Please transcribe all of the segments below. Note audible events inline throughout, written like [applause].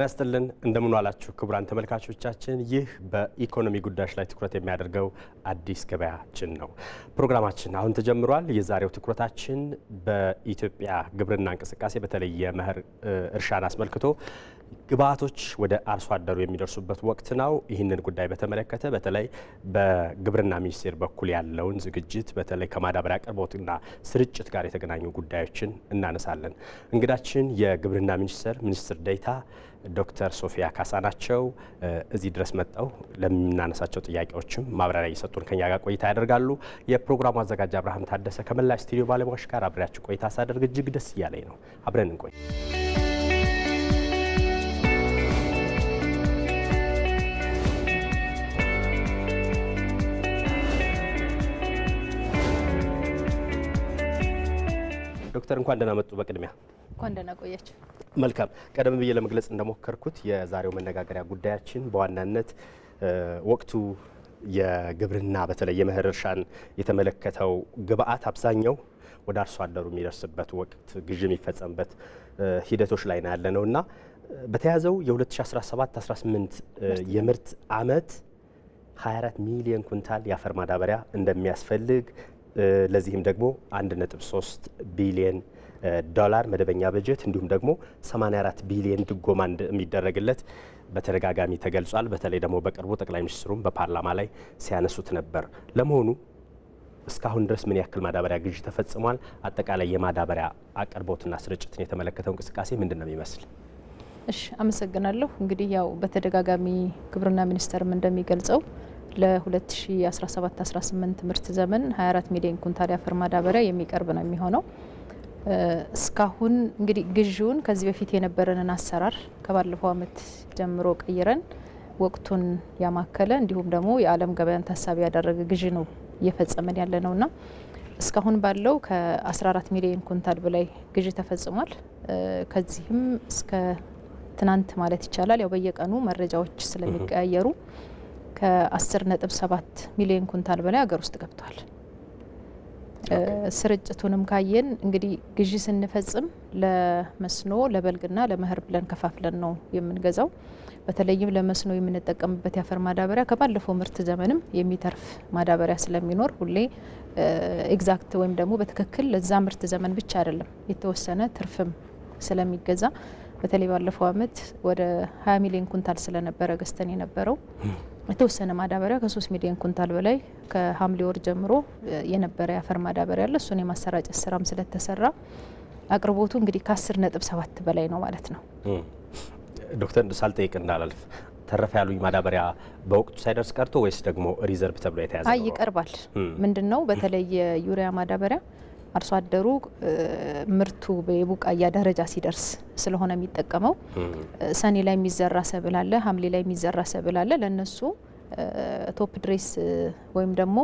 ጤና ይስጥልን እንደምን ዋላችሁ ክቡራን ተመልካቾቻችን። ይህ በኢኮኖሚ ጉዳዮች ላይ ትኩረት የሚያደርገው አዲስ ገበያችን ነው። ፕሮግራማችን አሁን ተጀምሯል። የዛሬው ትኩረታችን በኢትዮጵያ ግብርና እንቅስቃሴ በተለይ የመኸር እርሻን አስመልክቶ ግብዓቶች ወደ አርሶ አደሩ የሚደርሱበት ወቅት ነው። ይህንን ጉዳይ በተመለከተ በተለይ በግብርና ሚኒስቴር በኩል ያለውን ዝግጅት በተለይ ከማዳበሪያ አቅርቦትና ስርጭት ጋር የተገናኙ ጉዳዮችን እናነሳለን። እንግዳችን የግብርና ሚኒስቴር ሚኒስትር ዴኤታ ዶክተር ሶፊያ ካሳ ናቸው። እዚህ ድረስ መጥተው ለምናነሳቸው ጥያቄዎችም ማብራሪያ እየሰጡን ከኛ ጋር ቆይታ ያደርጋሉ። የፕሮግራሙ አዘጋጅ አብርሃም ታደሰ ከመላ ስቱዲዮ ባለሙያዎች ጋር አብሬያችሁ ቆይታ ሳደርግ እጅግ ደስ እያለኝ ነው። አብረን እንቆይ። ዶክተር እንኳን ደህና መጡ። በቅድሚያ እንኳን ደህና መልካም ቀደም ብዬ ለመግለጽ እንደሞከርኩት የዛሬው መነጋገሪያ ጉዳያችን በዋናነት ወቅቱ የግብርና በተለይ የመኸር እርሻን የተመለከተው ግብአት አብዛኛው ወደ አርሶ አደሩ የሚደርስበት ወቅት ግዥ የሚፈጸምበት ሂደቶች ላይ ነው ያለነው እና በተያዘው የ2017/18 የምርት ዓመት 24 ሚሊዮን ኩንታል የአፈር ማዳበሪያ እንደሚያስፈልግ ለዚህም ደግሞ 1.3 ቢሊየን ዶላር መደበኛ በጀት እንዲሁም ደግሞ 84 ቢሊዮን ድጎማ እንደሚደረግለት በተደጋጋሚ ተገልጿል። በተለይ ደግሞ በቅርቡ ጠቅላይ ሚኒስትሩም በፓርላማ ላይ ሲያነሱት ነበር። ለመሆኑ እስካሁን ድረስ ምን ያክል ማዳበሪያ ግዢ ተፈጽሟል? አጠቃላይ የማዳበሪያ አቅርቦትና ስርጭትን የተመለከተው እንቅስቃሴ ምንድን ነው የሚመስል? እሺ፣ አመሰግናለሁ። እንግዲህ ያው በተደጋጋሚ ግብርና ሚኒስቴርም እንደሚገልጸው ለ2017-18 ምርት ዘመን 24 ሚሊዮን ኩንታል የአፈር ማዳበሪያ የሚቀርብ ነው የሚሆነው እስካሁን እንግዲህ ግዢውን ከዚህ በፊት የነበረንን አሰራር ከባለፈው አመት ጀምሮ ቀይረን ወቅቱን ያማከለ እንዲሁም ደግሞ የዓለም ገበያን ታሳቢ ያደረገ ግዢ ነው እየፈጸመን ያለ ነውና እስካሁን ባለው ከ14 ሚሊዮን ኩንታል በላይ ግዢ ተፈጽሟል። ከዚህም እስከ ትናንት ማለት ይቻላል ያው በየቀኑ መረጃዎች ስለሚቀያየሩ ከ10 ነጥብ 7 ሚሊዮን ኩንታል በላይ ሀገር ውስጥ ገብቷል። ስርጭቱንም ካየን እንግዲህ ግዢ ስንፈጽም ለመስኖ ለበልግና ለመኸር ብለን ከፋፍለን ነው የምንገዛው። በተለይም ለመስኖ የምንጠቀምበት የአፈር ማዳበሪያ ከባለፈው ምርት ዘመንም የሚተርፍ ማዳበሪያ ስለሚኖር ሁሌ ኤግዛክት ወይም ደግሞ በትክክል ለዛ ምርት ዘመን ብቻ አይደለም የተወሰነ ትርፍም ስለሚገዛ በተለይ ባለፈው ዓመት ወደ ሀያ ሚሊዮን ኩንታል ስለነበረ ገዝተን የነበረው የተወሰነ ማዳበሪያ ከሶስት ሚሊዮን ኩንታል በላይ ከሐምሌ ወር ጀምሮ የነበረ የአፈር ማዳበሪያ አለ። እሱን የማሰራጨት ስራም ስለተሰራ አቅርቦቱ እንግዲህ ከአስር ነጥብ ሰባት በላይ ነው ማለት ነው። ዶክተር ሳልጠይቅ እንዳላልፍ ተረፈ ያሉኝ ማዳበሪያ በወቅቱ ሳይደርስ ቀርቶ ወይስ ደግሞ ሪዘርቭ ተብሎ የተያዘ? አይ ይቀርባል። ምንድን ነው በተለይ የዩሪያ ማዳበሪያ አርሶ አደሩ ምርቱ የቡቃያ ደረጃ ሲደርስ ስለሆነ የሚጠቀመው ሰኔ ላይ የሚዘራ ሰብል አለ፣ ሐምሌ ላይ የሚዘራ ሰብል አለ። ለእነሱ ቶፕ ድሬስ ወይም ደግሞ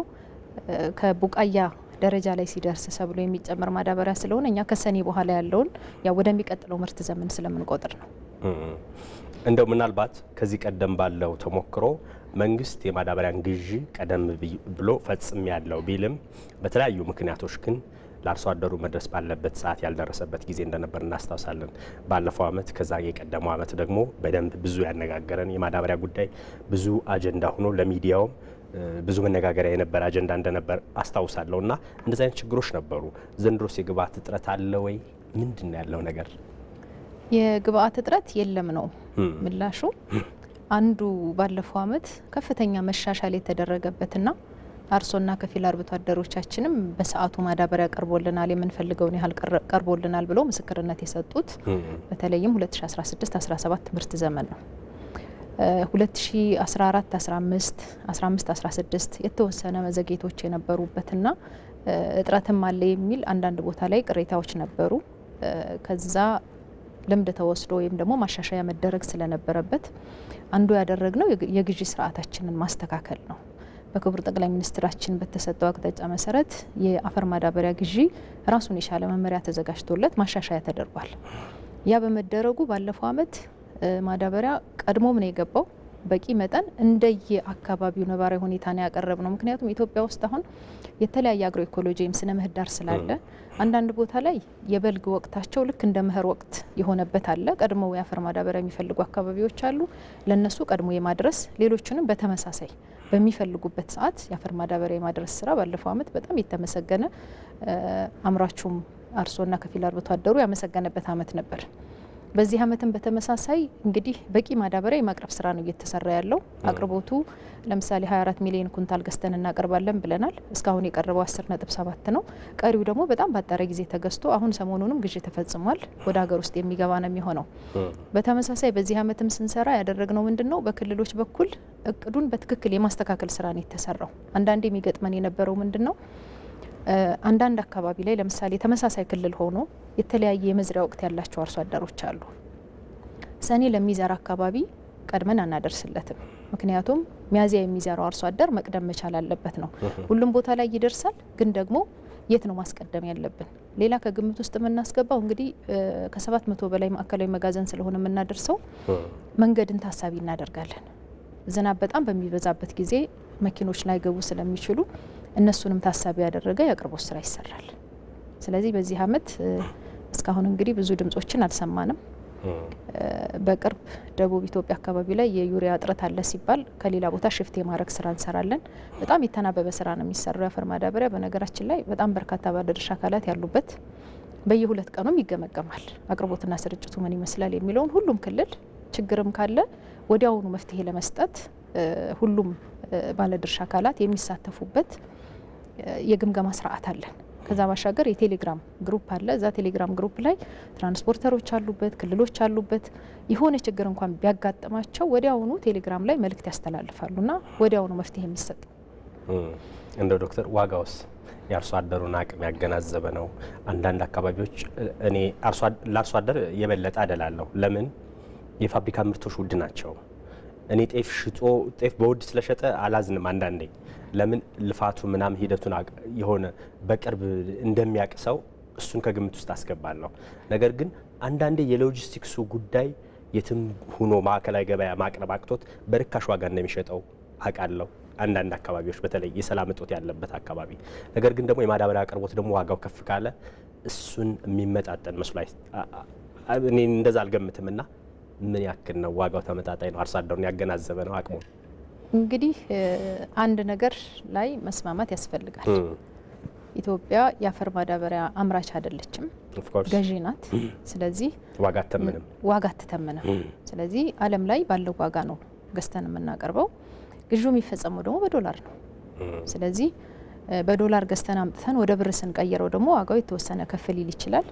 ከቡቃያ ደረጃ ላይ ሲደርስ ሰብሎ የሚጨመር ማዳበሪያ ስለሆነ እኛ ከሰኔ በኋላ ያለውን ያ ወደሚቀጥለው ምርት ዘመን ስለምንቆጥር ነው። እንደው ምናልባት ከዚህ ቀደም ባለው ተሞክሮ መንግስት የማዳበሪያን ግዢ ቀደም ብሎ ፈጽም ያለው ቢልም በተለያዩ ምክንያቶች ግን ለአርሶ አደሩ መድረስ ባለበት ሰዓት ያልደረሰበት ጊዜ እንደነበር እናስታውሳለን። ባለፈው ዓመት ከዛ የቀደመው ዓመት ደግሞ በደንብ ብዙ ያነጋገረን የማዳበሪያ ጉዳይ ብዙ አጀንዳ ሆኖ ለሚዲያውም ብዙ መነጋገሪያ የነበረ አጀንዳ እንደነበር አስታውሳለሁ። እና እንደዚህ አይነት ችግሮች ነበሩ። ዘንድሮስ የግብአት እጥረት አለ ወይ? ምንድን ነው ያለው ነገር? የግብአት እጥረት የለም ነው ምላሹ። አንዱ ባለፈው ዓመት ከፍተኛ መሻሻል የተደረገበትና አርሶና ከፊል አርብቶ አደሮቻችንም በሰዓቱ ማዳበሪያ ቀርቦልናል፣ የምንፈልገውን ያህል ቀርቦልናል ብለው ምስክርነት የሰጡት በተለይም 2016/17 ምርት ዘመን ነው። 2014 15 15 16 የተወሰነ መዘግየቶች የነበሩበትና እጥረትም አለ የሚል አንዳንድ ቦታ ላይ ቅሬታዎች ነበሩ። ከዛ ልምድ ተወስዶ ወይም ደግሞ ማሻሻያ መደረግ ስለነበረበት አንዱ ያደረግነው የግዢ ስርዓታችንን ማስተካከል ነው። በክቡር ጠቅላይ ሚኒስትራችን በተሰጠው አቅጣጫ መሰረት የአፈር ማዳበሪያ ግዢ ራሱን የቻለ መመሪያ ተዘጋጅቶለት ማሻሻያ ተደርጓል። ያ በመደረጉ ባለፈው ዓመት ማዳበሪያ ቀድሞ ምን የገባው በቂ መጠን እንደየ አካባቢው ነባራዊ ሁኔታ ነው ያቀረብ ነው። ምክንያቱም ኢትዮጵያ ውስጥ አሁን የተለያየ አግሮ ኢኮሎጂ ወይም ስነ ምህዳር ስላለ አንዳንድ ቦታ ላይ የበልግ ወቅታቸው ልክ እንደ መኸር ወቅት የሆነበት አለ። ቀድሞ የአፈር ማዳበሪያ የሚፈልጉ አካባቢዎች አሉ። ለነሱ ቀድሞ የማድረስ ሌሎችንም በተመሳሳይ በሚፈልጉበት ሰዓት የአፈር ማዳበሪያ የማድረስ ስራ ባለፈው አመት በጣም የተመሰገነ አምራቹም አርሶና ከፊል አርብቶ አደሩ ያመሰገነበት አመት ነበር። በዚህ ዓመትም በተመሳሳይ እንግዲህ በቂ ማዳበሪያ የማቅረብ ስራ ነው እየተሰራ ያለው። አቅርቦቱ ለምሳሌ 24 ሚሊዮን ኩንታል ገዝተን እናቀርባለን ብለናል። እስካሁን የቀረበው 10.7 ነው። ቀሪው ደግሞ በጣም ባጠረ ጊዜ ተገዝቶ አሁን ሰሞኑንም ግዥ ተፈጽሟል። ወደ ሀገር ውስጥ የሚገባ ነው የሚሆነው። በተመሳሳይ በዚህ ዓመትም ስንሰራ ያደረግነው ምንድን ነው በክልሎች በኩል እቅዱን በትክክል የማስተካከል ስራ ነው የተሰራው። አንዳንዴ የሚገጥመን የነበረው ምንድን ነው አንዳንድ አካባቢ ላይ ለምሳሌ ተመሳሳይ ክልል ሆኖ የተለያየ የመዝሪያ ወቅት ያላቸው አርሶ አደሮች አሉ። ሰኔ ለሚዘራ አካባቢ ቀድመን አናደርስለትም። ምክንያቱም ሚያዚያ የሚዘራው አርሶ አደር መቅደም መቻል አለበት ነው። ሁሉም ቦታ ላይ ይደርሳል፣ ግን ደግሞ የት ነው ማስቀደም ያለብን? ሌላ ከግምት ውስጥ የምናስገባው እንግዲህ ከሰባት መቶ በላይ ማዕከላዊ መጋዘን ስለሆነ የምናደርሰው መንገድን ታሳቢ እናደርጋለን። ዝናብ በጣም በሚበዛበት ጊዜ መኪኖች ላይገቡ ስለሚችሉ እነሱንም ታሳቢ ያደረገ የአቅርቦት ስራ ይሰራል። ስለዚህ በዚህ አመት እስካሁን እንግዲህ ብዙ ድምጾችን አልሰማንም። በቅርብ ደቡብ ኢትዮጵያ አካባቢ ላይ የዩሪያ እጥረት አለ ሲባል ከሌላ ቦታ ሽፍት የማድረግ ስራ እንሰራለን። በጣም የተናበበ ስራ ነው የሚሰራው። የአፈር ማዳበሪያ በነገራችን ላይ በጣም በርካታ ባለድርሻ አካላት ያሉበት በየሁለት ቀኑም ይገመገማል። አቅርቦትና ስርጭቱ ምን ይመስላል የሚለውን ሁሉም ክልል ችግርም ካለ ወዲያውኑ መፍትሄ ለመስጠት ሁሉም ባለድርሻ አካላት የሚሳተፉበት የግምገማ ስርዓት አለን። ከዛ ባሻገር የቴሌግራም ግሩፕ አለ። እዛ ቴሌግራም ግሩፕ ላይ ትራንስፖርተሮች አሉበት፣ ክልሎች አሉበት። የሆነ ችግር እንኳን ቢያጋጥማቸው ወዲያውኑ ቴሌግራም ላይ መልእክት ያስተላልፋሉና ወዲያውኑ መፍትሄ የሚሰጥ እንደ ዶክተር ዋጋውስ የአርሶ አደሩን አቅም ያገናዘበ ነው። አንዳንድ አካባቢዎች እኔ ለአርሶ አደር የበለጠ አደላለሁ። ለምን የፋብሪካ ምርቶች ውድ ናቸው። እኔ ጤፍ ሽጦ ጤፍ በውድ ስለሸጠ አላዝንም። አንዳንዴ ለምን ልፋቱ ምናምን ሂደቱን የሆነ በቅርብ እንደሚያውቅ ሰው እሱን ከግምት ውስጥ አስገባለሁ። ነገር ግን አንዳንዴ የሎጂስቲክሱ ጉዳይ የትም ሁኖ ማዕከላዊ ገበያ ማቅረብ አቅቶት በርካሽ ዋጋ እንደሚሸጠው አውቃለሁ። አንዳንድ አካባቢዎች በተለይ የሰላም እጦት ያለበት አካባቢ ነገር ግን ደግሞ የማዳበሪያ አቅርቦት ደግሞ ዋጋው ከፍ ካለ እሱን የሚመጣጠን መስሎ እኔ እንደዛ አልገምትምና ምን ያክል ነው ዋጋው ተመጣጣኝ ነው? አርሶ አደሩን ያገናዘበ ነው አቅሙ? እንግዲህ አንድ ነገር ላይ መስማማት ያስፈልጋል። ኢትዮጵያ የአፈር ማዳበሪያ አምራች አይደለችም፣ ገዢ ናት። [clears throat] ስለዚህ ዋጋ አትተምንም ዋጋ አትተምንም። ስለዚህ ዓለም ላይ ባለው ዋጋ ነው ገዝተን የምናቀርበው። ግዢው የሚፈጸመው ደግሞ በዶላር ነው። ስለዚህ በዶላር ገዝተን አምጥተን ወደ ብር ስንቀይረው ደግሞ ዋጋው የተወሰነ ከፍ ሊል ይችላል።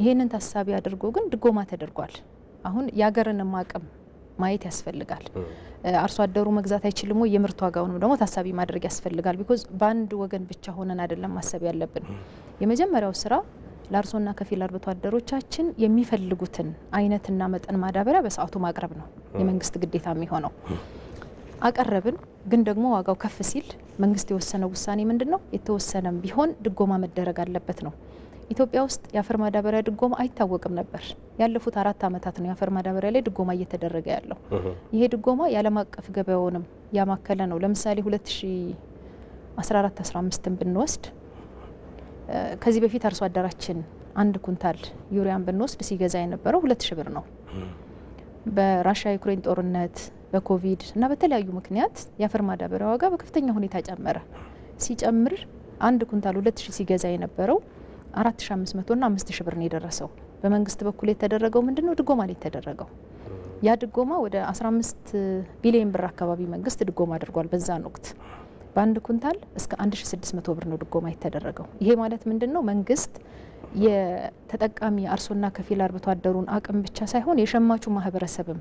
ይህንን ታሳቢ አድርጎ ግን ድጎማ ተደርጓል። አሁን የሀገርንም አቅም ማየት ያስፈልጋል። አርሶ አደሩ መግዛት አይችልም ወይ? የምርት ዋጋውንም ደግሞ ታሳቢ ማድረግ ያስፈልጋል። ቢኮዝ በአንድ ወገን ብቻ ሆነን አይደለም ማሰብ ያለብን። የመጀመሪያው ስራ ለአርሶና ከፊል አርብቶ አደሮቻችን የሚፈልጉትን አይነትና መጠን ማዳበሪያ በሰዓቱ ማቅረብ ነው የመንግስት ግዴታ የሚሆነው። አቀረብን ግን ደግሞ ዋጋው ከፍ ሲል መንግስት የወሰነው ውሳኔ ምንድን ነው? የተወሰነም ቢሆን ድጎማ መደረግ አለበት ነው። ኢትዮጵያ ውስጥ የአፈር ማዳበሪያ ድጎማ አይታወቅም ነበር። ያለፉት አራት ዓመታት ነው የአፈር ማዳበሪያ ላይ ድጎማ እየተደረገ ያለው። ይሄ ድጎማ የዓለም አቀፍ ገበያውንም ያማከለ ነው። ለምሳሌ 2014 15ን ብንወስድ ከዚህ በፊት አርሶ አደራችን አንድ ኩንታል ዩሪያን ብንወስድ ሲገዛ የነበረው ሁለት ሺ ብር ነው። በራሽያ ዩክሬን ጦርነት በኮቪድ እና በተለያዩ ምክንያት የአፈር ማዳበሪያ ዋጋ በከፍተኛ ሁኔታ ጨመረ። ሲጨምር አንድ ኩንታል ሁለት ሺ ሲገዛ የነበረው አራት ሺ አምስት መቶ ና አምስት ሺ ብር ነው የደረሰው። በመንግስት በኩል የተደረገው ምንድን ነው? ድጎማ ላይ የተደረገው ያ ድጎማ ወደ 15 ቢሊዮን ብር አካባቢ መንግስት ድጎማ አድርጓል። በዛን ወቅት በአንድ ኩንታል እስከ 1600 ብር ነው ድጎማ የተደረገው። ይሄ ማለት ምንድን ነው? መንግስት የተጠቃሚ አርሶና ከፊል አርብቶ አደሩን አቅም ብቻ ሳይሆን የሸማቹ ማህበረሰብም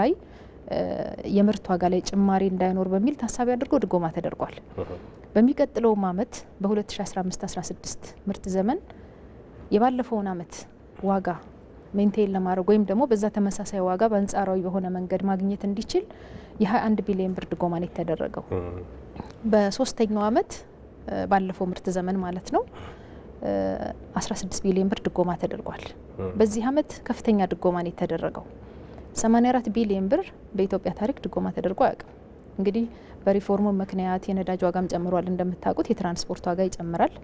ላይ የምርት ዋጋ ላይ ጭማሪ እንዳይኖር በሚል ታሳቢ አድርጎ ድጎማ ተደርጓል። በሚቀጥለውም አመት በ2015/16 ምርት ዘመን የባለፈውን አመት ዋጋ ሜንቴን ለማድረግ ወይም ደግሞ በዛ ተመሳሳይ ዋጋ በአንጻራዊ በሆነ መንገድ ማግኘት እንዲችል የ21 ቢሊዮን ብር ድጎማ ነው የተደረገው። በሶስተኛው አመት ባለፈው ምርት ዘመን ማለት ነው 16 ቢሊዮን ብር ድጎማ ተደርጓል። በዚህ አመት ከፍተኛ ድጎማ ነው የተደረገው። 84 ቢሊዮን ብር በኢትዮጵያ ታሪክ ድጎማ ተደርጎ አያውቅም። እንግዲህ በሪፎርሙ ምክንያት የነዳጅ ዋጋም ጨምሯል። እንደምታውቁት የትራንስፖርት ዋጋ ይጨምራል።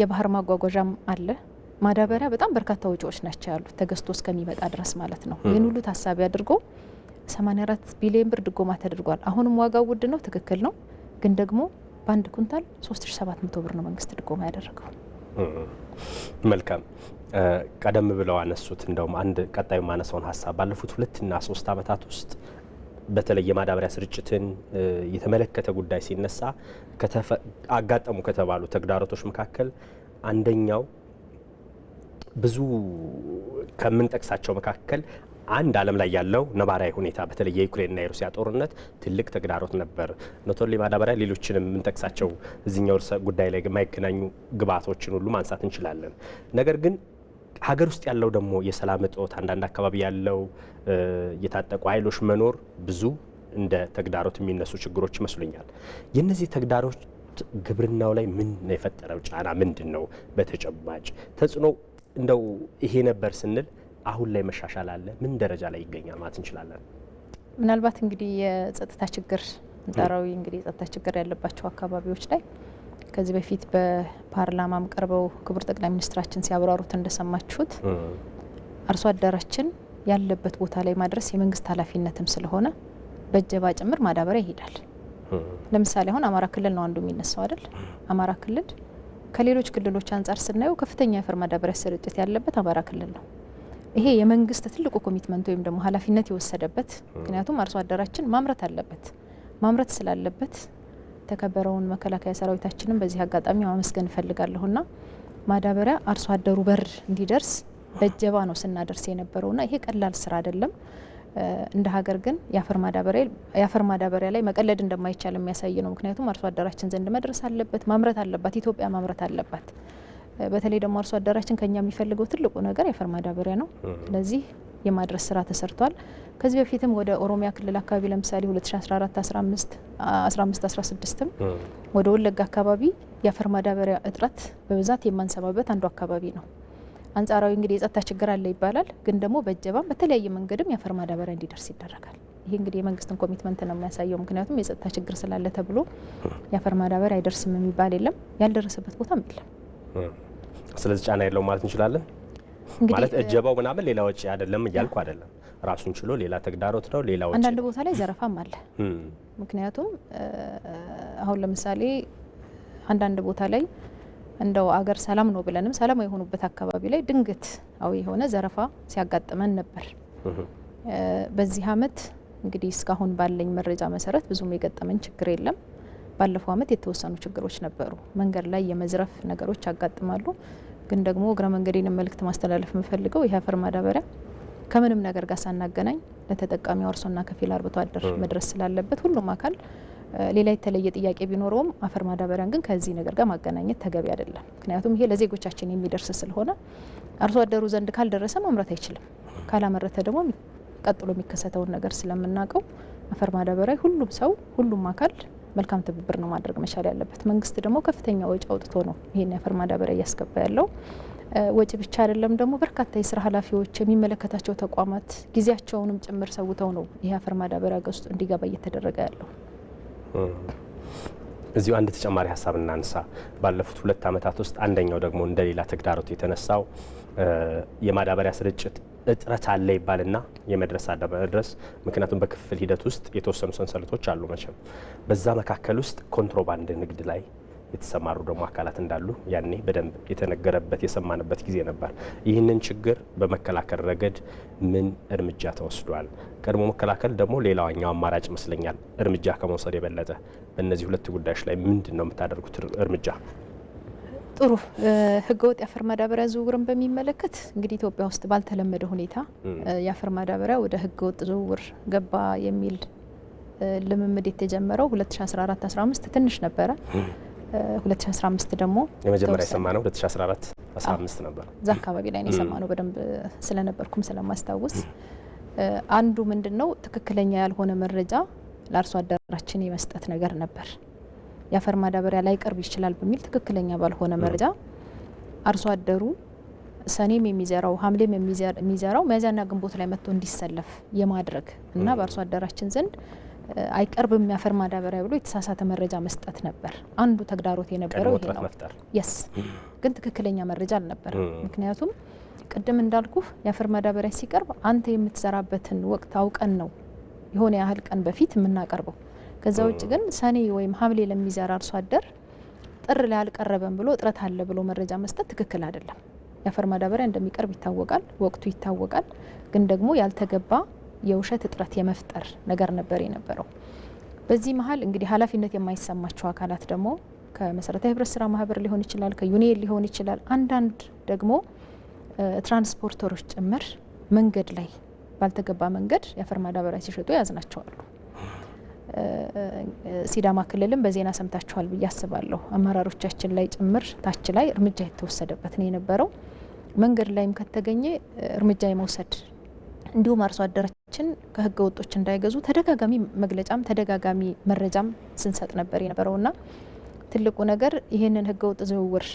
የባህር ማጓጓዣም አለ። ማዳበሪያ በጣም በርካታ ወጪዎች ናቸው ያሉት ተገዝቶ እስከሚመጣ ድረስ ማለት ነው። ይህን ሁሉ ታሳቢ አድርጎ 84 ቢሊዮን ብር ድጎማ ተደርጓል። አሁንም ዋጋው ውድ ነው፣ ትክክል ነው። ግን ደግሞ በአንድ ኩንታል 3700 ብር ነው መንግስት ድጎማ ያደረገው። መልካም ቀደም ብለው አነሱት። እንደውም አንድ ቀጣዩ ማነሳውን ሀሳብ ባለፉት ሁለትና ሶስት አመታት ውስጥ በተለይ የማዳበሪያ ስርጭትን የተመለከተ ጉዳይ ሲነሳ አጋጠሙ ከተባሉ ተግዳሮቶች መካከል አንደኛው ብዙ ከምንጠቅሳቸው መካከል አንድ ዓለም ላይ ያለው ነባራዊ ሁኔታ በተለይ የዩክሬንና የሩሲያ ጦርነት ትልቅ ተግዳሮት ነበር። ኖቶሊ ማዳበሪያ፣ ሌሎችንም የምንጠቅሳቸው እዚኛው ጉዳይ ላይ የማይገናኙ ግብዓቶችን ሁሉ ማንሳት እንችላለን። ነገር ግን ሀገር ውስጥ ያለው ደግሞ የሰላም እጦት፣ አንዳንድ አካባቢ ያለው የታጠቁ ኃይሎች መኖር ብዙ እንደ ተግዳሮት የሚነሱ ችግሮች ይመስሉኛል። የእነዚህ ተግዳሮች ግብርናው ላይ ምን የፈጠረው ጫና ምንድን ነው? በተጨባጭ ተጽዕኖ እንደው ይሄ ነበር ስንል አሁን ላይ መሻሻል አለ? ምን ደረጃ ላይ ይገኛል ማለት እንችላለን? ምናልባት እንግዲህ የጸጥታ ችግር እንጠራዊ እንግዲህ የጸጥታ ችግር ያለባቸው አካባቢዎች ላይ ከዚህ በፊት በፓርላማም ቀርበው ክቡር ጠቅላይ ሚኒስትራችን ሲያብራሩት እንደሰማችሁት አርሶ አደራችን ያለበት ቦታ ላይ ማድረስ የመንግስት ኃላፊነትም ስለሆነ በእጀባ ጭምር ማዳበሪያ ይሄዳል። ለምሳሌ አሁን አማራ ክልል ነው አንዱ የሚነሳው አይደል? አማራ ክልል ከሌሎች ክልሎች አንጻር ስናየው ከፍተኛ የአፈር ማዳበሪያ ስርጭት ያለበት አማራ ክልል ነው። ይሄ የመንግስት ትልቁ ኮሚትመንት ወይም ደግሞ ኃላፊነት የወሰደበት ምክንያቱም አርሶ አደራችን ማምረት አለበት። ማምረት ስላለበት የተከበረውን መከላከያ ሰራዊታችንም በዚህ አጋጣሚ ማመስገን እፈልጋለሁና ማዳበሪያ አርሶ አደሩ በር እንዲደርስ በእጀባ ነው ስናደርስ የነበረውና ይሄ ቀላል ስራ አይደለም። እንደ ሀገር ግን የአፈር ማዳበሪያ ላይ መቀለድ እንደማይቻል የሚያሳይ ነው። ምክንያቱም አርሶ አደራችን ዘንድ መድረስ አለበት፣ ማምረት አለባት፣ ኢትዮጵያ ማምረት አለባት። በተለይ ደግሞ አርሶ አደራችን ከኛ የሚፈልገው ትልቁ ነገር የአፈር ማዳበሪያ ነው። ስለዚህ የማድረስ ስራ ተሰርቷል። ከዚህ በፊትም ወደ ኦሮሚያ ክልል አካባቢ ለምሳሌ 2014 15 16ም ወደ ወለጋ አካባቢ የአፈር ማዳበሪያ እጥረት በብዛት የማንሰማበት አንዱ አካባቢ ነው። አንጻራዊ እንግዲህ የጸጥታ ችግር አለ ይባላል፣ ግን ደግሞ በእጀባም በተለያየ መንገድም የአፈር ማዳበሪያ እንዲደርስ ይደረጋል። ይሄ እንግዲህ የመንግስትን ኮሚትመንት ነው የሚያሳየው። ምክንያቱም የጸጥታ ችግር ስላለ ተብሎ የአፈር ማዳበሪያ አይደርስም የሚባል የለም፣ ያልደረሰበት ቦታም የለም። ስለዚህ ጫና የለውም ማለት እንችላለን። ማለት እጀባው ምናምን ሌላ ወጪ አይደለም እያልኩ አይደለም። ራሱን ችሎ ሌላ ተግዳሮት ነው፣ ሌላ ወጪ። አንዳንድ ቦታ ላይ ዘረፋም አለ። ምክንያቱም አሁን ለምሳሌ አንዳንድ ቦታ ላይ እንደው አገር ሰላም ነው ብለንም ሰላም የሆኑበት አካባቢ ላይ ድንገታዊ የሆነ ዘረፋ ሲያጋጥመን ነበር። በዚህ አመት እንግዲህ እስካሁን ባለኝ መረጃ መሰረት ብዙም የገጠመን ችግር የለም። ባለፈው አመት የተወሰኑ ችግሮች ነበሩ። መንገድ ላይ የመዝረፍ ነገሮች ያጋጥማሉ። ግን ደግሞ እግረ መንገዴን መልእክት ማስተላለፍ የምፈልገው ይህ አፈር ማዳበሪያ ከምንም ነገር ጋር ሳናገናኝ ለተጠቃሚው አርሶና ከፊል አርብቶ አደር መድረስ ስላለበት ሁሉም አካል ሌላ የተለየ ጥያቄ ቢኖረውም አፈር ማዳበሪያን ግን ከዚህ ነገር ጋር ማገናኘት ተገቢ አይደለም። ምክንያቱም ይሄ ለዜጎቻችን የሚደርስ ስለሆነ አርሶ አደሩ ዘንድ ካልደረሰ ማምረት አይችልም። ካላመረተ ደግሞ ቀጥሎ የሚከሰተውን ነገር ስለምናውቀው አፈር ማዳበሪያ ሁሉም ሰው ሁሉም አካል መልካም ትብብር ነው ማድረግ መቻል ያለበት። መንግስት ደግሞ ከፍተኛ ወጪ አውጥቶ ነው ይሄን የአፈር ማዳበሪያ እያስገባ ያለው። ወጪ ብቻ አይደለም ደግሞ በርካታ የስራ ኃላፊዎች የሚመለከታቸው ተቋማት ጊዜያቸውንም ጭምር ሰውተው ነው ይህ አፈር ማዳበሪያ ገዝቶ እንዲገባ እየተደረገ ያለው። እዚሁ አንድ ተጨማሪ ሀሳብ እናንሳ። ባለፉት ሁለት ዓመታት ውስጥ አንደኛው ደግሞ እንደሌላ ተግዳሮት የተነሳው የማዳበሪያ ስርጭት እጥረት አለ ይባልና የመድረስ አለመድረስ ምክንያቱም በክፍል ሂደት ውስጥ የተወሰኑ ሰንሰለቶች አሉ። መቼም በዛ መካከል ውስጥ ኮንትሮባንድ ንግድ ላይ የተሰማሩ ደግሞ አካላት እንዳሉ ያኔ በደንብ የተነገረበት የሰማንበት ጊዜ ነበር። ይህንን ችግር በመከላከል ረገድ ምን እርምጃ ተወስዷል? ቀድሞ መከላከል ደግሞ ሌላኛው አማራጭ ይመስለኛል፣ እርምጃ ከመውሰድ የበለጠ በእነዚህ ሁለት ጉዳዮች ላይ ምንድን ነው የምታደርጉት እርምጃ? ጥሩ ህገወጥ የአፈር ማዳበሪያ ዝውውርን በሚመለከት እንግዲህ ኢትዮጵያ ውስጥ ባልተለመደ ሁኔታ የአፈር ማዳበሪያ ወደ ህገወጥ ዝውውር ገባ የሚል ልምምድ የተጀመረው 2014-15 ትንሽ ነበረ። 2015 ደግሞ የመጀመሪያ የሰማ ነው 2014 15 ነበር። እዛ አካባቢ ላይ ነው የሰማ ነው። በደንብ ስለነበርኩም ስለማስታውስ አንዱ ምንድን ነው ትክክለኛ ያልሆነ መረጃ ለአርሶ አደራችን የመስጠት ነገር ነበር። የአፈር ማዳበሪያ ላይ ቀርብ ይችላል በሚል ትክክለኛ ባልሆነ መረጃ አርሶ አደሩ ሰኔም የሚዘራው ሐምሌም የሚዘራው መያዝያና ግንቦት ላይ መጥቶ እንዲሰለፍ የማድረግ እና በአርሶ አደራችን ዘንድ አይቀርብም የአፈር ማዳበሪያ ብሎ የተሳሳተ መረጃ መስጠት ነበር አንዱ ተግዳሮት የነበረው ይሄ ነው። የስ ግን ትክክለኛ መረጃ አልነበር። ምክንያቱም ቅድም እንዳልኩ የአፈር ማዳበሪያ ሲቀርብ አንተ የምትዘራበትን ወቅት አውቀን ነው የሆነ ያህል ቀን በፊት የምናቀርበው። ከዛ ውጭ ግን ሰኔ ወይም ሐምሌ ለሚዘራ አርሶ አደር ጥር ላይ አልቀረበም ብሎ እጥረት አለ ብሎ መረጃ መስጠት ትክክል አይደለም። የአፈር ማዳበሪያ እንደሚቀርብ ይታወቃል፣ ወቅቱ ይታወቃል። ግን ደግሞ ያልተገባ የውሸት እጥረት የመፍጠር ነገር ነበር የነበረው። በዚህ መሀል እንግዲህ ኃላፊነት የማይሰማቸው አካላት ደግሞ ከመሰረታዊ ህብረት ስራ ማህበር ሊሆን ይችላል፣ ከዩኒየን ሊሆን ይችላል። አንዳንድ ደግሞ ትራንስፖርተሮች ጭምር መንገድ ላይ ባልተገባ መንገድ የአፈር ማዳበሪያ ሲሸጡ ያዝናቸዋሉ። ሲዳማ ክልልም በዜና ሰምታችኋል ብዬ አስባለሁ። አመራሮቻችን ላይ ጭምር ታች ላይ እርምጃ የተወሰደበት ነው የነበረው። መንገድ ላይም ከተገኘ እርምጃ የመውሰድ እንዲሁም አርሶ አደራችን ከህገ ወጦች እንዳይገዙ ተደጋጋሚ መግለጫም ተደጋጋሚ መረጃም ስንሰጥ ነበር የነበረውና ትልቁ ነገር ይህንን ህገ ወጥ ዝውውር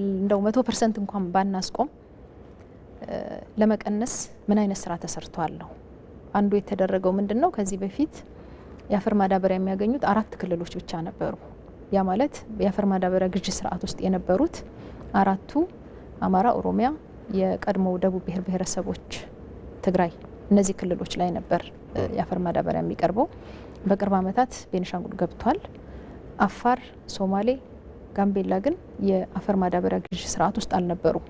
እንደው መቶ ፐርሰንት እንኳን ባናስቆም ለመቀነስ ምን አይነት ስራ ተሰርቷል ነው አንዱ የተደረገው ምንድን ነው? ከዚህ በፊት የአፈር ማዳበሪያ የሚያገኙት አራት ክልሎች ብቻ ነበሩ። ያ ማለት የአፈር ማዳበሪያ ግዥ ስርዓት ውስጥ የነበሩት አራቱ አማራ፣ ኦሮሚያ፣ የቀድሞ ደቡብ ብሔር ብሔረሰቦች፣ ትግራይ እነዚህ ክልሎች ላይ ነበር የአፈር ማዳበሪያ የሚቀርበው። በቅርብ ዓመታት ቤኒሻንጉል ገብቷል። አፋር፣ ሶማሌ፣ ጋምቤላ ግን የአፈር ማዳበሪያ ግዥ ስርዓት ውስጥ አልነበሩም።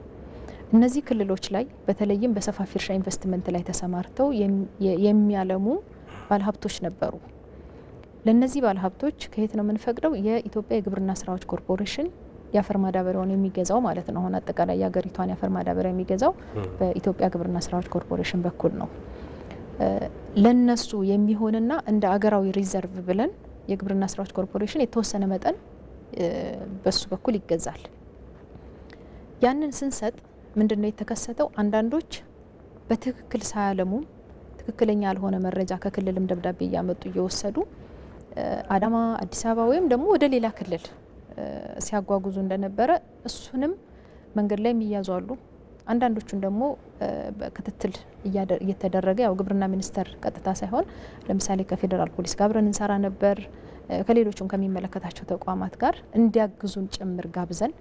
እነዚህ ክልሎች ላይ በተለይም በሰፋፊ እርሻ ኢንቨስትመንት ላይ ተሰማርተው የሚያለሙ ባለሀብቶች ነበሩ። ለእነዚህ ባለሀብቶች ከየት ነው የምንፈቅደው? የኢትዮጵያ የግብርና ስራዎች ኮርፖሬሽን የአፈር ማዳበሪያውን የሚገዛው ማለት ነው። አሁን አጠቃላይ የሀገሪቷን የአፈር ማዳበሪያ የሚገዛው በኢትዮጵያ ግብርና ስራዎች ኮርፖሬሽን በኩል ነው። ለነሱ የሚሆንና እንደ አገራዊ ሪዘርቭ ብለን የግብርና ስራዎች ኮርፖሬሽን የተወሰነ መጠን በሱ በኩል ይገዛል። ያንን ስንሰጥ ምንድን ነው የተከሰተው? አንዳንዶች በትክክል ሳያለሙም ትክክለኛ ያልሆነ መረጃ ከክልልም ደብዳቤ እያመጡ እየወሰዱ አዳማ፣ አዲስ አበባ ወይም ደግሞ ወደ ሌላ ክልል ሲያጓጉዙ እንደነበረ እሱንም መንገድ ላይ የሚያዙ አሉ። አንዳንዶቹን ደግሞ ክትትል እየተደረገ ያው ግብርና ሚኒስቴር ቀጥታ ሳይሆን ለምሳሌ ከፌዴራል ፖሊስ ጋር አብረን እንሰራ ነበር። ከሌሎችም ከሚመለከታቸው ተቋማት ጋር እንዲያግዙን ጭምር ጋብዘን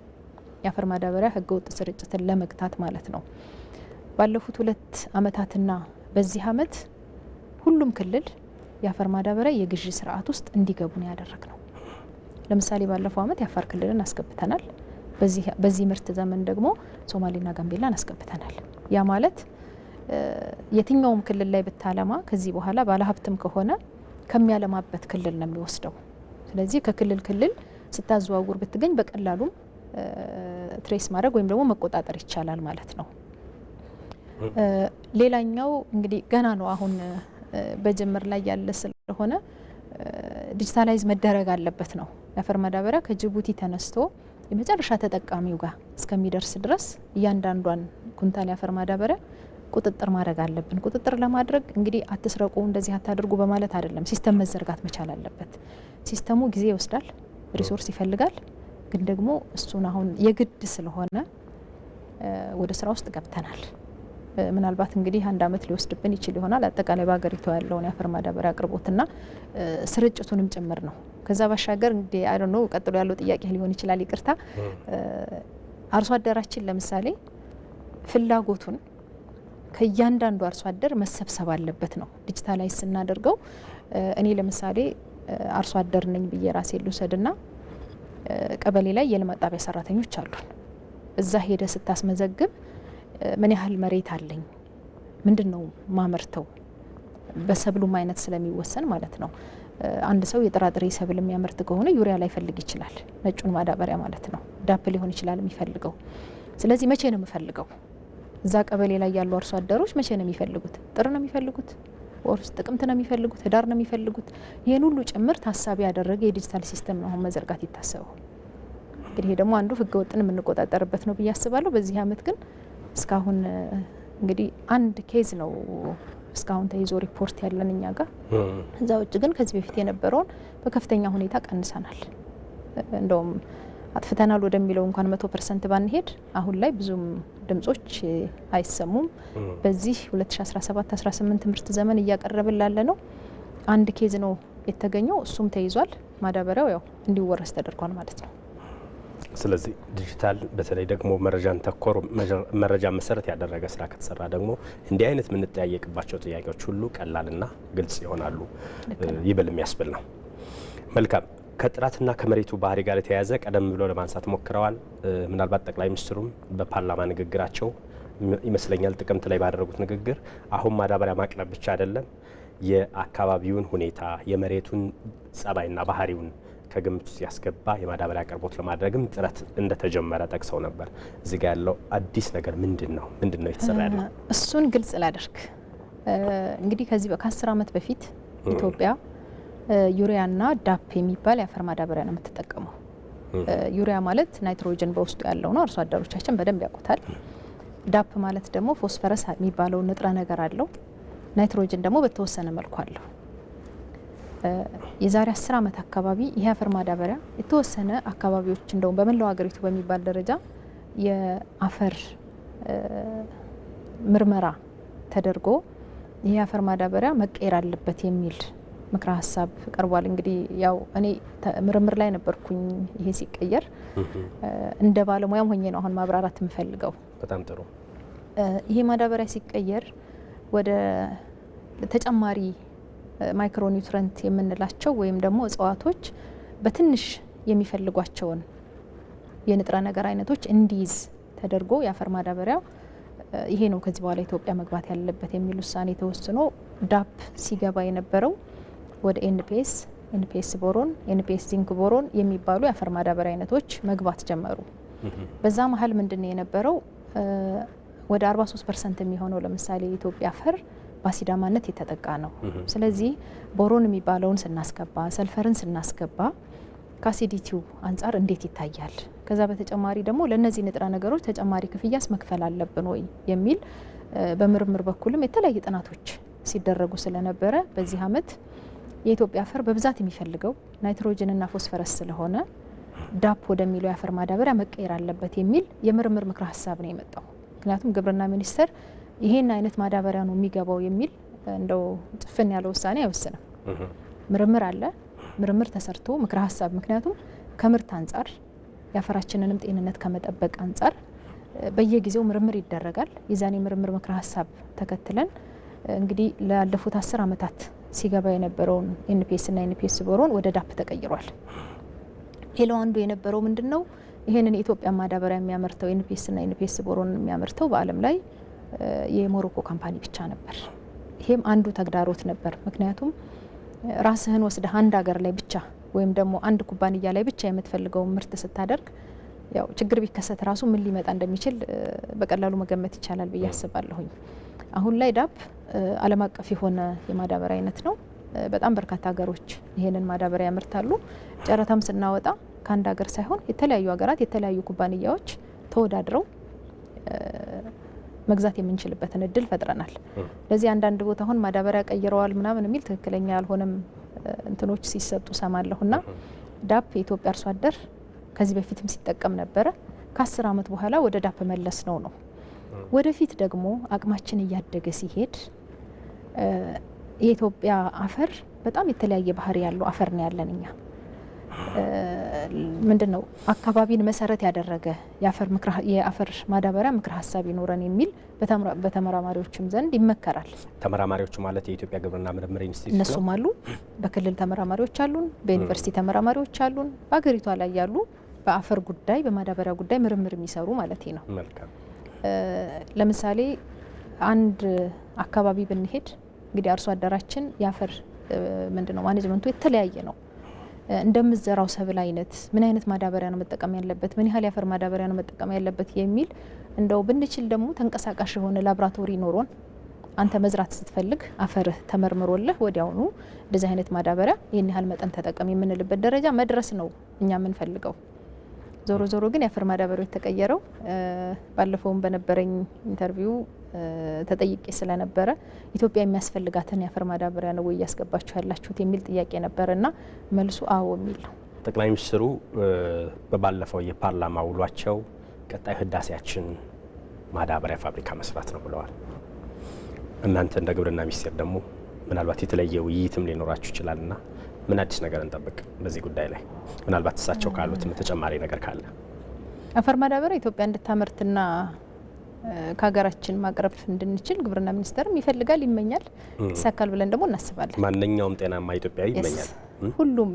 የአፈር ማዳበሪያ ህገወጥ ስርጭትን ለመግታት ማለት ነው። ባለፉት ሁለት አመታትና በዚህ አመት ሁሉም ክልል የአፈር ማዳበሪያ የግዢ ስርዓት ውስጥ እንዲገቡ ነው ያደረግ ነው። ለምሳሌ ባለፈው አመት የአፋር ክልልን አስገብተናል። በዚህ ምርት ዘመን ደግሞ ሶማሌና ጋምቤላን አስገብተናል። ያ ማለት የትኛውም ክልል ላይ ብታለማ ከዚህ በኋላ ባለሀብትም ከሆነ ከሚያለማበት ክልል ነው የሚወስደው። ስለዚህ ከክልል ክልል ስታዘዋውር ብትገኝ በቀላሉም ትሬስ ማድረግ ወይም ደግሞ መቆጣጠር ይቻላል ማለት ነው። ሌላኛው እንግዲህ ገና ነው አሁን በጅምር ላይ ያለ ስለሆነ ዲጂታላይዝ መደረግ አለበት ነው። የአፈር ማዳበሪያ ከጅቡቲ ተነስቶ የመጨረሻ ተጠቃሚው ጋር እስከሚደርስ ድረስ እያንዳንዷን ኩንታል የአፈር ማዳበሪያ ቁጥጥር ማድረግ አለብን። ቁጥጥር ለማድረግ እንግዲህ አትስረቁ፣ እንደዚህ አታድርጉ በማለት አይደለም። ሲስተም መዘርጋት መቻል አለበት። ሲስተሙ ጊዜ ይወስዳል፣ ሪሶርስ ይፈልጋል። ግን ደግሞ እሱን አሁን የግድ ስለሆነ ወደ ስራ ውስጥ ገብተናል። ምናልባት እንግዲህ አንድ አመት ሊወስድብን ይችል ይሆናል። አጠቃላይ በሀገሪቷ ያለውን የአፈር ማዳበሪያ አቅርቦትና ስርጭቱንም ጭምር ነው። ከዛ ባሻገር እንግዲህ አይ ነው ቀጥሎ ያለው ጥያቄ ሊሆን ይችላል። ይቅርታ አርሶ አደራችን ለምሳሌ ፍላጎቱን ከእያንዳንዱ አርሶ አደር መሰብሰብ አለበት ነው። ዲጂታላይዝ ስናደርገው እኔ ለምሳሌ አርሶ አደር ነኝ ብዬ ራሴ ልውሰድና ቀበሌ ላይ የልማት ጣቢያ ሰራተኞች አሉን። እዛ ሄደ ስታስመዘግብ ምን ያህል መሬት አለኝ፣ ምንድን ነው ማመርተው፣ በሰብሉም አይነት ስለሚወሰን ማለት ነው። አንድ ሰው የጥራጥሬ ሰብል የሚያመርት ከሆነ ዩሪያ ላይፈልግ ይችላል፣ ነጩን ማዳበሪያ ማለት ነው። ዳፕ ሊሆን ይችላል የሚፈልገው። ስለዚህ መቼ ነው የምፈልገው? እዛ ቀበሌ ላይ ያሉ አርሶ አደሮች መቼ ነው የሚፈልጉት? ጥር ነው የሚፈልጉት ኦርስ ጥቅምት ነው የሚፈልጉት፣ ህዳር ነው የሚፈልጉት። ይህን ሁሉ ጭምር ታሳቢ ያደረገ የዲጂታል ሲስተም ነው አሁን መዘርጋት ይታሰበው እንግዲህ ይሄ ደግሞ አንዱ ህገ ወጥን የምንቆጣጠርበት ነው ብዬ አስባለሁ። በዚህ አመት ግን እስካሁን እንግዲህ አንድ ኬዝ ነው እስካሁን ተይዞ ሪፖርት ያለን እኛ ጋር። እዛ ውጭ ግን ከዚህ በፊት የነበረውን በከፍተኛ ሁኔታ ቀንሰናል። እንደውም አጥፍተናል ወደሚለው እንኳን መቶ ፐርሰንት ባንሄድ አሁን ላይ ብዙም ድምጾች አይሰሙም። በዚህ 2017-18 ምርት ዘመን እያቀረብን ላለ ነው አንድ ኬዝ ነው የተገኘው፣ እሱም ተይዟል። ማዳበሪያው ያው እንዲወረስ ተደርጓል ማለት ነው። ስለዚህ ዲጂታል በተለይ ደግሞ መረጃን ተኮር መረጃ መሰረት ያደረገ ስራ ከተሰራ ደግሞ እንዲህ አይነት የምንጠያየቅባቸው ጥያቄዎች ሁሉ ቀላልና ግልጽ ይሆናሉ ይበል የሚያስብል ነው። መልካም ከጥራትና ከመሬቱ ባህሪ ጋር የተያያዘ ቀደም ብሎ ለማንሳት ሞክረዋል። ምናልባት ጠቅላይ ሚኒስትሩም በፓርላማ ንግግራቸው ይመስለኛል ጥቅምት ላይ ባደረጉት ንግግር አሁን ማዳበሪያ ማቅረብ ብቻ አይደለም የአካባቢውን ሁኔታ የመሬቱን ጸባይና ባህሪውን ከግምት ውስጥ ያስገባ የማዳበሪያ አቅርቦት ለማድረግም ጥረት እንደተጀመረ ጠቅሰው ነበር። እዚህ ጋ ያለው አዲስ ነገር ምንድን ነው? ምንድን ነው የተሰራ ያለ? እሱን ግልጽ ላደርግ እንግዲህ ከዚህ ከአስር ዓመት በፊት ኢትዮጵያ ዩሪያና ዳፕ የሚባል የአፈር ማዳበሪያ ነው የምትጠቀመው። ዩሪያ ማለት ናይትሮጅን በውስጡ ያለው ነው። አርሶ አደሮቻችን በደንብ ያውቁታል። ዳፕ ማለት ደግሞ ፎስፈረስ የሚባለው ንጥረ ነገር አለው። ናይትሮጅን ደግሞ በተወሰነ መልኩ አለው። የዛሬ አስር ዓመት አካባቢ ይህ አፈር ማዳበሪያ የተወሰነ አካባቢዎች እንደውም በመላው ሀገሪቱ በሚባል ደረጃ የአፈር ምርመራ ተደርጎ ይህ አፈር ማዳበሪያ መቀየር አለበት የሚል ምክረ ሀሳብ ቀርቧል። እንግዲህ ያው እኔ ምርምር ላይ ነበርኩኝ ይሄ ሲቀየር እንደ ባለሙያም ሆኜ ነው አሁን ማብራራት የምፈልገው። በጣም ጥሩ። ይሄ ማዳበሪያ ሲቀየር ወደ ተጨማሪ ማይክሮኒውትረንት የምንላቸው ወይም ደግሞ እጽዋቶች በትንሽ የሚፈልጓቸውን የንጥረ ነገር አይነቶች እንዲይዝ ተደርጎ የአፈር ማዳበሪያው ይሄ ነው ከዚህ በኋላ ኢትዮጵያ መግባት ያለበት የሚል ውሳኔ ተወስኖ ዳፕ ሲገባ የነበረው ወደ ኤንፒኤስ ኤንፒኤስ ቦሮን ኤንፒኤስ ዚንክ ቦሮን የሚባሉ የአፈር ማዳበሪያ አይነቶች መግባት ጀመሩ። በዛ መሀል ምንድን የነበረው? ወደ 43 ፐርሰንት የሚሆነው ለምሳሌ የኢትዮጵያ አፈር በአሲዳማነት የተጠቃ ነው። ስለዚህ ቦሮን የሚባለውን ስናስገባ፣ ሰልፈርን ስናስገባ ከአሲዲቲው አንጻር እንዴት ይታያል? ከዛ በተጨማሪ ደግሞ ለእነዚህ ንጥረ ነገሮች ተጨማሪ ክፍያስ መክፈል አለብን ወይ የሚል በምርምር በኩልም የተለያዩ ጥናቶች ሲደረጉ ስለነበረ በዚህ አመት የኢትዮጵያ አፈር በብዛት የሚፈልገው ናይትሮጅንና ፎስፈረስ ስለሆነ ዳፕ ወደሚለው የአፈር ማዳበሪያ መቀየር አለበት የሚል የምርምር ምክረ ሀሳብ ነው የመጣው። ምክንያቱም ግብርና ሚኒስቴር ይሄን አይነት ማዳበሪያ ነው የሚገባው የሚል እንደው ጭፍን ያለ ውሳኔ አይወስንም። ምርምር አለ። ምርምር ተሰርቶ ምክረ ሀሳብ ምክንያቱም ከምርት አንጻር የአፈራችንንም ጤንነት ከመጠበቅ አንጻር በየጊዜው ምርምር ይደረጋል። የዛኔ ምርምር ምክረ ሀሳብ ተከትለን እንግዲህ ላለፉት አስር ዓመታት ሲገባ የነበረውን እና ኤንፒኤስ ቦሮን ወደ ዳፕ ተቀይሯል። ሌላው አንዱ የነበረው ምንድን ነው? ይህንን የኢትዮጵያ ማዳበሪያ የሚያመርተው እና ኤንፒኤስ ቦሮን የሚያመርተው በዓለም ላይ የሞሮኮ ካምፓኒ ብቻ ነበር። ይሄም አንዱ ተግዳሮት ነበር። ምክንያቱም ራስህን ወስደህ አንድ ሀገር ላይ ብቻ ወይም ደግሞ አንድ ኩባንያ ላይ ብቻ የምትፈልገውን ምርት ስታደርግ ያው ችግር ቢከሰት ራሱ ምን ሊመጣ እንደሚችል በቀላሉ መገመት ይቻላል ብዬ አስባለሁኝ። አሁን ላይ ዳፕ ዓለም አቀፍ የሆነ የማዳበሪያ አይነት ነው። በጣም በርካታ ሀገሮች ይሄንን ማዳበሪያ ያመርታሉ። ጨረታም ስናወጣ ከአንድ ሀገር ሳይሆን የተለያዩ ሀገራት የተለያዩ ኩባንያዎች ተወዳድረው መግዛት የምንችልበትን እድል ፈጥረናል። ለዚህ አንዳንድ ቦታ አሁን ማዳበሪያ ቀይረዋል ምናምን የሚል ትክክለኛ ያልሆነም እንትኖች ሲሰጡ ና ዳፕ የኢትዮጵያ አርሶ አደር ከዚህ በፊትም ሲጠቀም ነበረ ከአስር ዓመት በኋላ ወደ ዳፕ መለስ ነው ነው ወደፊት ደግሞ አቅማችን እያደገ ሲሄድ የኢትዮጵያ አፈር በጣም የተለያየ ባህሪ ያለው አፈር ነው ያለን እኛ። ምንድን ነው አካባቢን መሰረት ያደረገ የአፈር ማዳበሪያ ምክረ ሀሳብ ይኖረን የሚል በተመራማሪዎችም ዘንድ ይመከራል። ተመራማሪዎቹ ማለት የኢትዮጵያ ግብርና ምርምር ኢንስቲትዩት እነሱም አሉ። በክልል ተመራማሪዎች አሉን፣ በዩኒቨርሲቲ ተመራማሪዎች አሉን፣ በሀገሪቷ ላይ ያሉ በአፈር ጉዳይ በማዳበሪያ ጉዳይ ምርምር የሚሰሩ ማለት ነው። ለምሳሌ አንድ አካባቢ ብንሄድ እንግዲህ አርሶ አደራችን የአፈር ምንድን ነው ማኔጅመንቱ የተለያየ ነው። እንደምዘራው ሰብል አይነት ምን አይነት ማዳበሪያ ነው መጠቀም ያለበት፣ ምን ያህል የአፈር ማዳበሪያ ነው መጠቀም ያለበት የሚል እንደው ብንችል ደግሞ ተንቀሳቃሽ የሆነ ላብራቶሪ ኖሮን አንተ መዝራት ስትፈልግ አፈርህ ተመርምሮልህ ወዲያውኑ እንደዚህ አይነት ማዳበሪያ ይህን ያህል መጠን ተጠቀም የምንልበት ደረጃ መድረስ ነው እኛ የምንፈልገው። ዞሮ ዞሮ ግን የአፈር ማዳበሪያው የተቀየረው ባለፈውም በነበረኝ ኢንተርቪው ተጠይቄ ስለነበረ ኢትዮጵያ የሚያስፈልጋትን የአፈር ማዳበሪያ ነው ወይ እያስገባችሁ ያላችሁት የሚል ጥያቄ ነበር እና መልሱ አዎ የሚል ነው። ጠቅላይ ሚኒስትሩ በባለፈው የፓርላማ ውሏቸው ቀጣይ ህዳሴያችን ማዳበሪያ ፋብሪካ መስራት ነው ብለዋል። እናንተ እንደ ግብርና ሚኒስቴር ደግሞ ምናልባት የተለየ ውይይትም ሊኖራችሁ ይችላል እና ምን አዲስ ነገር እንጠብቅ በዚህ ጉዳይ ላይ ምናልባት እሳቸው ካሉት ተጨማሪ ነገር ካለ አፈር ማዳበሪያ ኢትዮጵያ እንድታመርትና ከሀገራችን ማቅረብ እንድንችል ግብርና ሚኒስቴርም ይፈልጋል፣ ይመኛል። ይሳካል ብለን ደግሞ እናስባለን። ማንኛውም ጤናማ ኢትዮጵያ ይመኛል። ሁሉም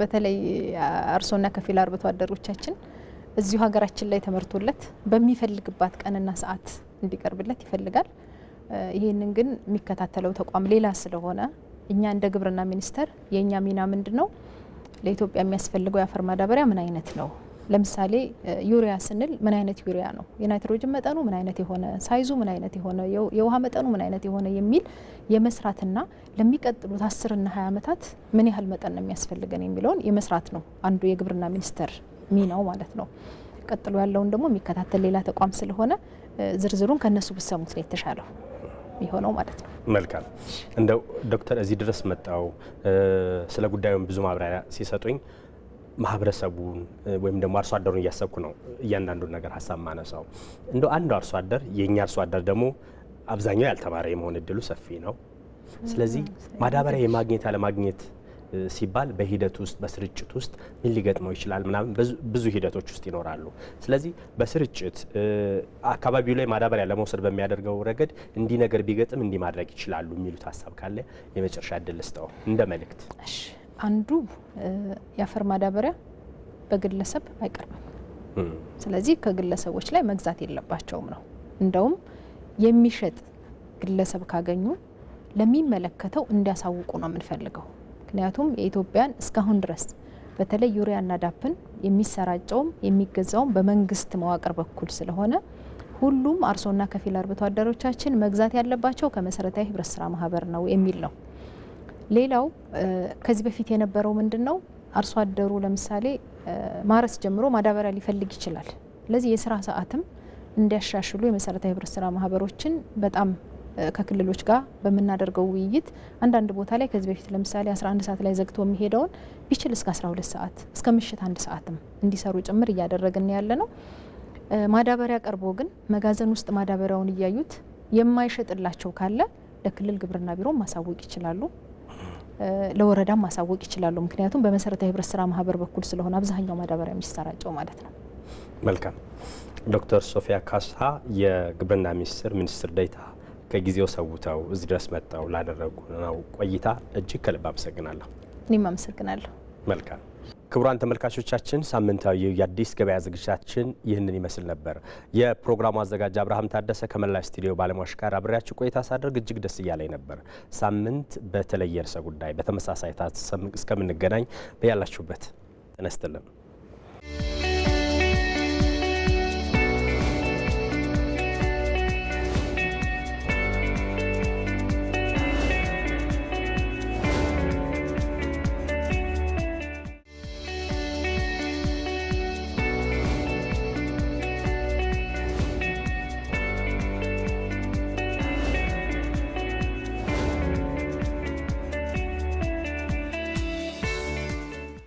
በተለይ አርሶና ከፊል አርብቶ አደሮቻችን እዚሁ ሀገራችን ላይ ተመርቶለት በሚፈልግባት ቀንና ሰዓት እንዲቀርብለት ይፈልጋል። ይህንን ግን የሚከታተለው ተቋም ሌላ ስለሆነ እኛ እንደ ግብርና ሚኒስቴር የእኛ ሚና ምንድን ነው? ለኢትዮጵያ የሚያስፈልገው የአፈር ማዳበሪያ ምን አይነት ነው? ለምሳሌ ዩሪያ ስንል ምን አይነት ዩሪያ ነው? የናይትሮጅን መጠኑ ምን አይነት የሆነ፣ ሳይዙ ምን አይነት የሆነ፣ የውሃ መጠኑ ምን አይነት የሆነ የሚል የመስራትና ለሚቀጥሉት አስርና ሀያ ዓመታት ምን ያህል መጠን ነው የሚያስፈልገን የሚለውን የመስራት ነው አንዱ የግብርና ሚኒስቴር ሚናው ማለት ነው። ቀጥሎ ያለውን ደግሞ የሚከታተል ሌላ ተቋም ስለሆነ ዝርዝሩን ከነሱ ብሰሙት ነው የተሻለው። የሚሆነው ማለት ነው። መልካም እንደው ዶክተር እዚህ ድረስ መጣው ስለ ጉዳዩን ብዙ ማብራሪያ ሲሰጡኝ ማህበረሰቡን ወይም ደግሞ አርሶ አደሩን እያሰብኩ ነው እያንዳንዱን ነገር ሀሳብ ማነሳው። እንደው አንዱ አርሶ አደር የእኛ አርሶ አደር ደግሞ አብዛኛው ያልተማረ የመሆን እድሉ ሰፊ ነው። ስለዚህ ማዳበሪያ የማግኘት ያለማግኘት ሲባል በሂደት ውስጥ በስርጭት ውስጥ ምን ሊገጥመው ይችላል ምናምን ብዙ ሂደቶች ውስጥ ይኖራሉ። ስለዚህ በስርጭት አካባቢው ላይ ማዳበሪያ ለመውሰድ በሚያደርገው ረገድ እንዲህ ነገር ቢገጥም እንዲህ ማድረግ ይችላሉ የሚሉት ሀሳብ ካለ የመጨረሻ እድል ልስጠው እንደ መልእክት። አንዱ የአፈር ማዳበሪያ በግለሰብ አይቀርብም። ስለዚህ ከግለሰቦች ላይ መግዛት የለባቸውም ነው። እንደውም የሚሸጥ ግለሰብ ካገኙ ለሚመለከተው እንዲያሳውቁ ነው የምንፈልገው። ምክንያቱም የኢትዮጵያን እስካሁን ድረስ በተለይ ዩሪያና ዳፕን የሚሰራጨውም የሚገዛውም በመንግስት መዋቅር በኩል ስለሆነ ሁሉም አርሶና ከፊል አርብቶ አደሮቻችን መግዛት ያለባቸው ከመሰረታዊ ህብረት ስራ ማህበር ነው የሚል ነው። ሌላው ከዚህ በፊት የነበረው ምንድን ነው? አርሶ አደሩ ለምሳሌ ማረስ ጀምሮ ማዳበሪያ ሊፈልግ ይችላል። ለዚህ የስራ ሰዓትም እንዲያሻሽሉ የመሰረታዊ ህብረት ስራ ማህበሮችን በጣም ከክልሎች ጋር በምናደርገው ውይይት አንዳንድ ቦታ ላይ ከዚህ በፊት ለምሳሌ 11 ሰዓት ላይ ዘግቶ የሚሄደውን ቢችል እስከ 12 ሰዓት እስከ ምሽት አንድ ሰዓትም እንዲሰሩ ጭምር እያደረግን ያለ ነው። ማዳበሪያ ቀርቦ ግን መጋዘን ውስጥ ማዳበሪያውን እያዩት የማይሸጥላቸው ካለ ለክልል ግብርና ቢሮ ማሳወቅ ይችላሉ። ለወረዳም ማሳወቅ ይችላሉ። ምክንያቱም በመሰረታዊ ህብረት ስራ ማህበር በኩል ስለሆነ አብዛኛው ማዳበሪያ የሚሰራጨው ማለት ነው። መልካም ዶክተር ሶፊያ ካሳ የግብርና ሚኒስቴር ሚኒስትር ዴኤታ ከጊዜው ሰውተው እዚህ ድረስ መጥተው ላደረጉ ነው ቆይታ እጅግ ከልብ አመሰግናለሁ። እኔም አመሰግናለሁ። መልካም ክቡራን ተመልካቾቻችን ሳምንታዊ የአዲስ ገበያ ዝግጅታችን ይህንን ይመስል ነበር። የፕሮግራሙ አዘጋጅ አብርሃም ታደሰ ከመላ ስቱዲዮ ባለሙያዎች ጋር አብሬያችሁ ቆይታ ሳደርግ እጅግ ደስ እያለኝ ነበር። ሳምንት በተለየ ርዕሰ ጉዳይ በተመሳሳይ እስከምንገናኝ በያላችሁበት ተነስተልን